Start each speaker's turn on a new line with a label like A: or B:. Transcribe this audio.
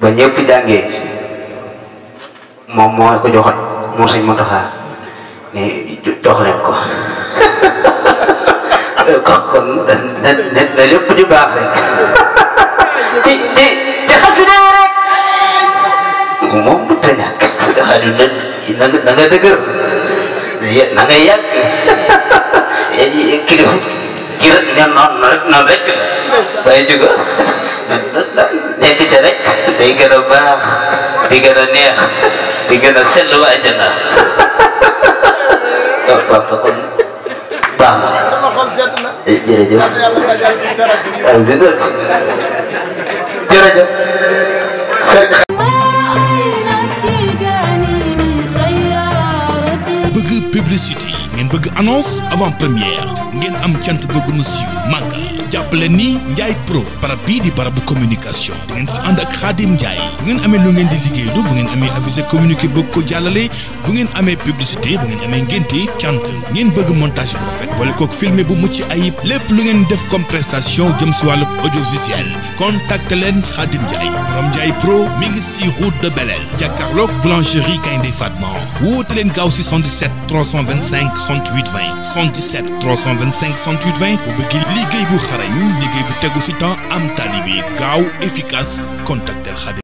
A: ba ñëpp jàngee moom moo ko joxoon moo sëñ Mountakha nih jox leen ko kon kon na na lépp di baax rek ci ci ci xasida rek moom bu ta ñàkk xaju na na nga dëgër na nga yàgg kilifa gi rek ne noonu rek noonu rek bay jóga yang tiga bigara tiga bigara tiga bigara selu aja nah bapak bang eh, jira eh, jira jira jira publicité ngeen bëgg annonce avant première ngeen am cant bëgg mu siiw màggal jàppale ni Ndiaye Pro barab bii di barab bu communication da ngeen si ànd ak Khadim Ndiaye bu ngeen amee lu ngeen di liggéeylu bu ngeen amee avisé communiqué bëgg ko jàllale bu ngeen amee publicité bu ngeen amee ngénte cant ngeen bëgg montage bu boole kook filmé bu mucc ayib lépp lu ngeen def comme prestation jëm contacte leen Khadim Ndiaye borom Ndiaye Pro mi ngi si route Belel jàkkaarloog boulangerie Kayndé Fatma woote leen gaaw xarañ liggéey bu tegu ci temps am tali bi gaaw efficace contactel Xaadim